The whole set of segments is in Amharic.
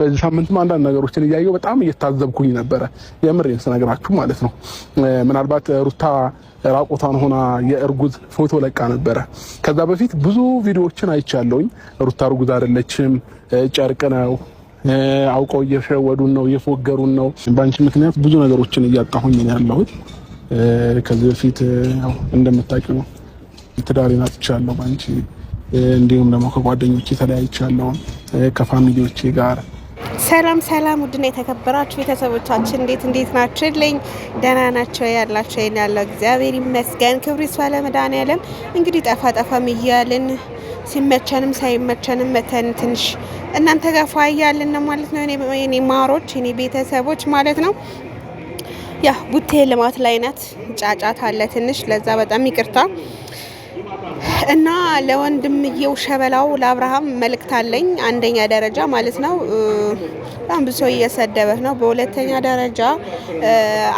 በዚህ ሳምንትም አንዳንድ ነገሮችን እያየው በጣም እየታዘብኩኝ ነበረ። የምሬን ስነግራችሁ ማለት ነው። ምናልባት ሩታ ራቆቷን ሆና የእርጉዝ ፎቶ ለቃ ነበረ። ከዛ በፊት ብዙ ቪዲዮዎችን አይቻለውኝ። ሩታ እርጉዝ አይደለችም፣ ጨርቅ ነው አውቀው እየሸወዱን ነው፣ እየፎገሩን ነው። በአንቺ ምክንያት ብዙ ነገሮችን እያጣሁኝ ነው ያለሁት። ከዚህ በፊት እንደምታውቂው ነው ትዳሬን አጥቻለሁ በአንቺ እንዲሁም ደግሞ ከጓደኞቼ ተለያይቻለሁ ከፋሚሊዎቼ ጋር ሰላም ሰላም፣ ውድና የተከበራችሁ ቤተሰቦቻችን እንዴት እንዴት ናችሁልኝ? ደህና ናቸው ያላቸው ይን ያለው እግዚአብሔር ይመስገን። ክብር ይስፋ ለመድኃኔዓለም። እንግዲህ ጠፋ ጠፋም እያልን ሲመቸንም ሳይመቸንም መተን ትንሽ እናንተ ጋር ፏ እያልን ነው ማለት ነው። እኔ ማሮች፣ እኔ ቤተሰቦች ማለት ነው። ያ ቡቴ ልማት ላይ ናት። ጫጫት አለ ትንሽ፣ ለዛ በጣም ይቅርታ እና ለወንድምየው ሸበላው ለአብርሃም መልእክት አለኝ። አንደኛ ደረጃ ማለት ነው በጣም ብሶ እየሰደበህ ነው። በሁለተኛ ደረጃ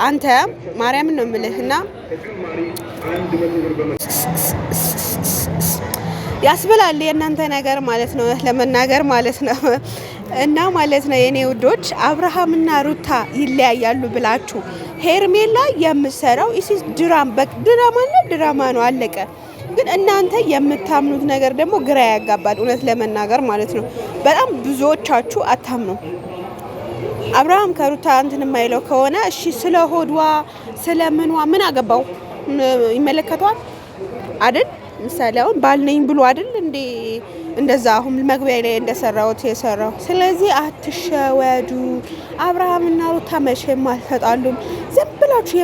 አንተ ማርያምን ነው የምልህ እና ያስብላል የእናንተ ነገር ማለት ነው ለመናገር ማለት ነው እና ማለት ነው የእኔ ውዶች አብርሃምና ሩታ ይለያያሉ ብላችሁ ሄርሜላ የምሰራው ኢሲስ ድራም በቅ ድራማ ነው ድራማ ነው አለቀ። ግን እናንተ የምታምኑት ነገር ደግሞ ግራ ያጋባል። እውነት ለመናገር ማለት ነው በጣም ብዙዎቻችሁ አታምኑ። አብርሃም ከሩታ እንትን የማይለው ከሆነ እሺ፣ ስለ ሆዷ ስለ ምኗ ምን አገባው? ይመለከተዋል አይደል? ምሳሌ አሁን ባል ነኝ ብሎ አይደል እንዴ? እንደዛ አሁን መግቢያ ላይ እንደሰራሁት የሰራው። ስለዚህ አትሸወዱ። አብርሃምና ሩታ መቼም አልተጣሉም። ዝም ብላችሁ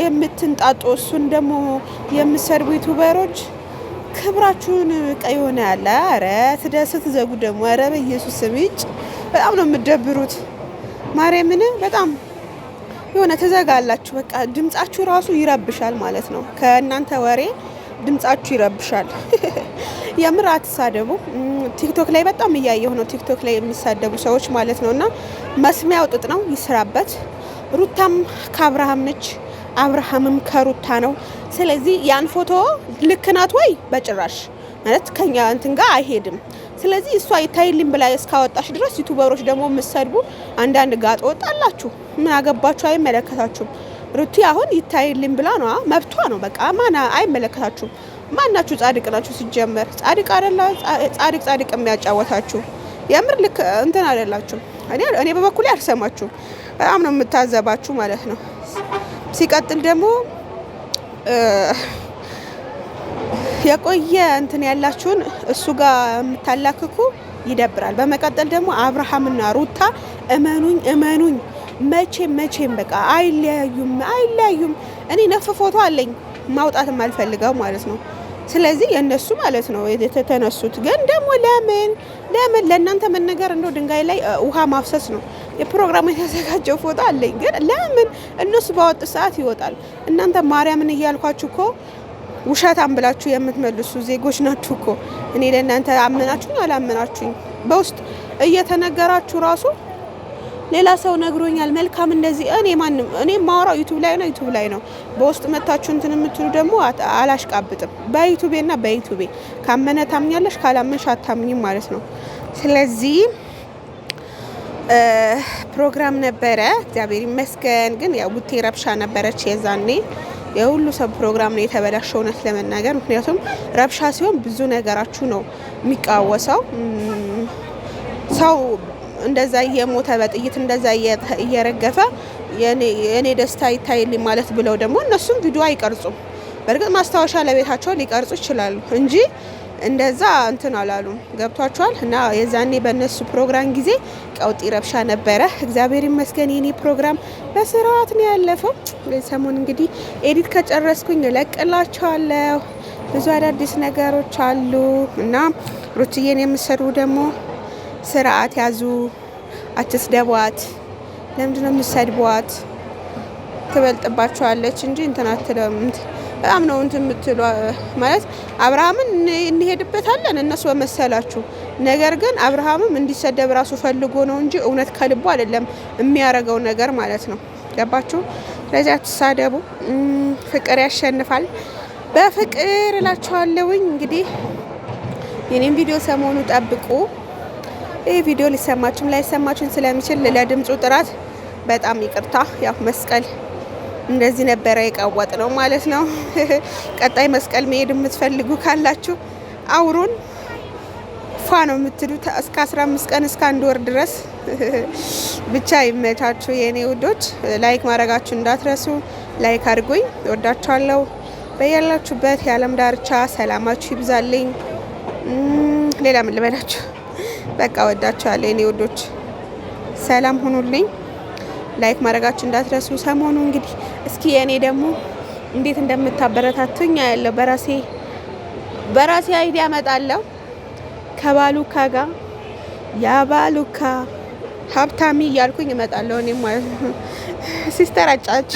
የምትንጣጡ እሱን ደግሞ የምትሰርቡ ዩቱበሮች ክብራችሁን ቀይ ሆነ ያለ ኧረ ስደስት ዘጉ ደግሞ ኧረ በኢየሱስ ስም ይጭ በጣም ነው የምትደብሩት። ማርያምን በጣም የሆነ ትዘጋላችሁ። በቃ ድምጻችሁ ራሱ ይረብሻል ማለት ነው። ከእናንተ ወሬ ድምጻችሁ ይረብሻል። የምር አትሳደቡ። ቲክቶክ ላይ በጣም እያየሁ ነው። ቲክቶክ ላይ የሚሳደቡ ሰዎች ማለት ነው። እና መስሚያው ጥጥ ነው፣ ይስራበት። ሩታም ከአብርሃም ነች፣ አብርሃምም ከሩታ ነው። ስለዚህ ያን ፎቶ ልክ ናት ወይ? በጭራሽ ማለት ከኛ እንትን ጋር አይሄድም። ስለዚህ እሷ ይታይልኝ ብላ እስካወጣሽ ድረስ ዩቱበሮች ደግሞ የምትሰድቡ አንዳንድ ጋጥ ወጣላችሁ፣ ምን አገባችሁ? አይመለከታችሁም። ሩቲ አሁን ይታይልኝ ብላ ነዋ፣ መብቷ ነው። በቃ ማን አይመለከታችሁም። ማናችሁ ጻድቅ ናችሁ? ሲጀመር ጻድቅ አደላ ጻድቅ ጻድቅ የሚያጫወታችሁ የምር ልክ እንትን አይደላችሁ። እኔ በበኩሌ አልሰማችሁም። በጣም ነው የምታዘባችሁ ማለት ነው። ሲቀጥል ደግሞ የቆየ እንትን ያላችሁን እሱ ጋር የምታላክኩ ይደብራል። በመቀጠል ደግሞ አብርሃምና ሩታ እመኑኝ እመኑኝ መቼም መቼም በቃ አይለያዩም አይለያዩም። እኔ ነፍ ፎቶ አለኝ ማውጣት የማልፈልገው ማለት ነው። ስለዚህ የእነሱ ማለት ነው የተነሱት። ግን ደግሞ ለምን ለምን ለእናንተ መነገር እንደው ድንጋይ ላይ ውሃ ማፍሰስ ነው። የፕሮግራሙ የተዘጋጀው ፎቶ አለኝ። ግን ለምን እነሱ ባወጡ ሰዓት ይወጣል? እናንተ ማርያምን እያልኳችሁ እኮ ውሸታም ብላችሁ የምትመልሱ ዜጎች ናችሁ እኮ። እኔ ለእናንተ አመናችሁኝ አላመናችሁኝ በውስጥ እየተነገራችሁ ራሱ ሌላ ሰው ነግሮኛል፣ መልካም እንደዚህ። እኔ ማንም እኔ ማውራው ዩቱብ ላይ ነው ዩቱብ ላይ ነው። በውስጥ መታችሁ እንትን የምትሉ ደግሞ አላሽቃብጥም። በዩቱቤ ና በዩቱቤ ካመነ ታምኛለሽ፣ ካላመንሽ አታምኝም ማለት ነው። ስለዚህ ፕሮግራም ነበረ። እግዚአብሔር ይመስገን። ግን ያው ቡቴ ረብሻ ነበረች የዛኔ። የሁሉ ሰው ፕሮግራም ነው የተበላሸው እውነት ለመናገር ምክንያቱም ረብሻ ሲሆን ብዙ ነገራችሁ ነው የሚቃወሰው። ሰው እንደዛ እየሞተ በጥይት እንደዛ እየረገፈ የእኔ ደስታ ይታይልኝ ማለት ብለው ደግሞ እነሱም ቪዲዮ አይቀርጹም። በእርግጥ ማስታወሻ ለቤታቸው ሊቀርጹ ይችላሉ እንጂ እንደዛ እንትን አላሉም። ገብቷቸዋል። እና የዛኔ በእነሱ ፕሮግራም ጊዜ ቀውጢ ረብሻ ነበረ። እግዚአብሔር ይመስገን የኔ ፕሮግራም በስርዓት ነው ያለፈው። ሰሞን እንግዲህ ኤዲት ከጨረስኩኝ እለቅላችኋለሁ። ብዙ አዳዲስ ነገሮች አሉ እና ሩትዬን የምሰሩ ደግሞ ስርዓት ያዙ። አትስደቧት። ለምንድነው የምሰድቧት? ትበልጥባቸዋለች እንጂ እንትን በጣም ነው እንትን የምትሉ ማለት አብርሃምን እንሄድበታለን እነሱ በመሰላችሁ ነገር ግን አብርሃምም እንዲሰደብ ራሱ ፈልጎ ነው እንጂ እውነት ከልቦ አይደለም የሚያደርገው ነገር ማለት ነው። ገባችሁ? ለዚያ ትሳደቡ ፍቅር ያሸንፋል። በፍቅር እላችኋለሁኝ። እንግዲህ የኔም ቪዲዮ ሰሞኑ ጠብቁ። ይህ ቪዲዮ ሊሰማችሁም ላይሰማችሁን ስለሚችል ለድምፁ ጥራት በጣም ይቅርታ። ያው መስቀል እንደዚህ ነበረ የቃዋጥ ነው ማለት ነው። ቀጣይ መስቀል መሄድ የምትፈልጉ ካላችሁ አውሩን ፋ ነው የምትሉት። እስከ 15 ቀን እስከ አንድ ወር ድረስ ብቻ ይመቻችሁ የእኔ ውዶች። ላይክ ማድረጋችሁ እንዳትረሱ። ላይክ አድርጉኝ። ወዳችኋለሁ። በያላችሁበት የዓለም ዳርቻ ሰላማችሁ ይብዛልኝ። ሌላ ምን ልበላችሁ? በቃ ወዳችኋለሁ የእኔ ውዶች። ሰላም ሁኑልኝ። ላይክ ማድረጋችሁ እንዳትረሱ። ሰሞኑ እንግዲህ እስኪ የእኔ ደግሞ እንዴት እንደምታበረታቱኝ ያለው በራሴ በራሴ አይዲያ እመጣለሁ ከባሉካ ጋር ያ ባሉካ ሀብታሚ እያልኩኝ እመጣለሁ እኔም ማለት ነው። ሲስተር አጫች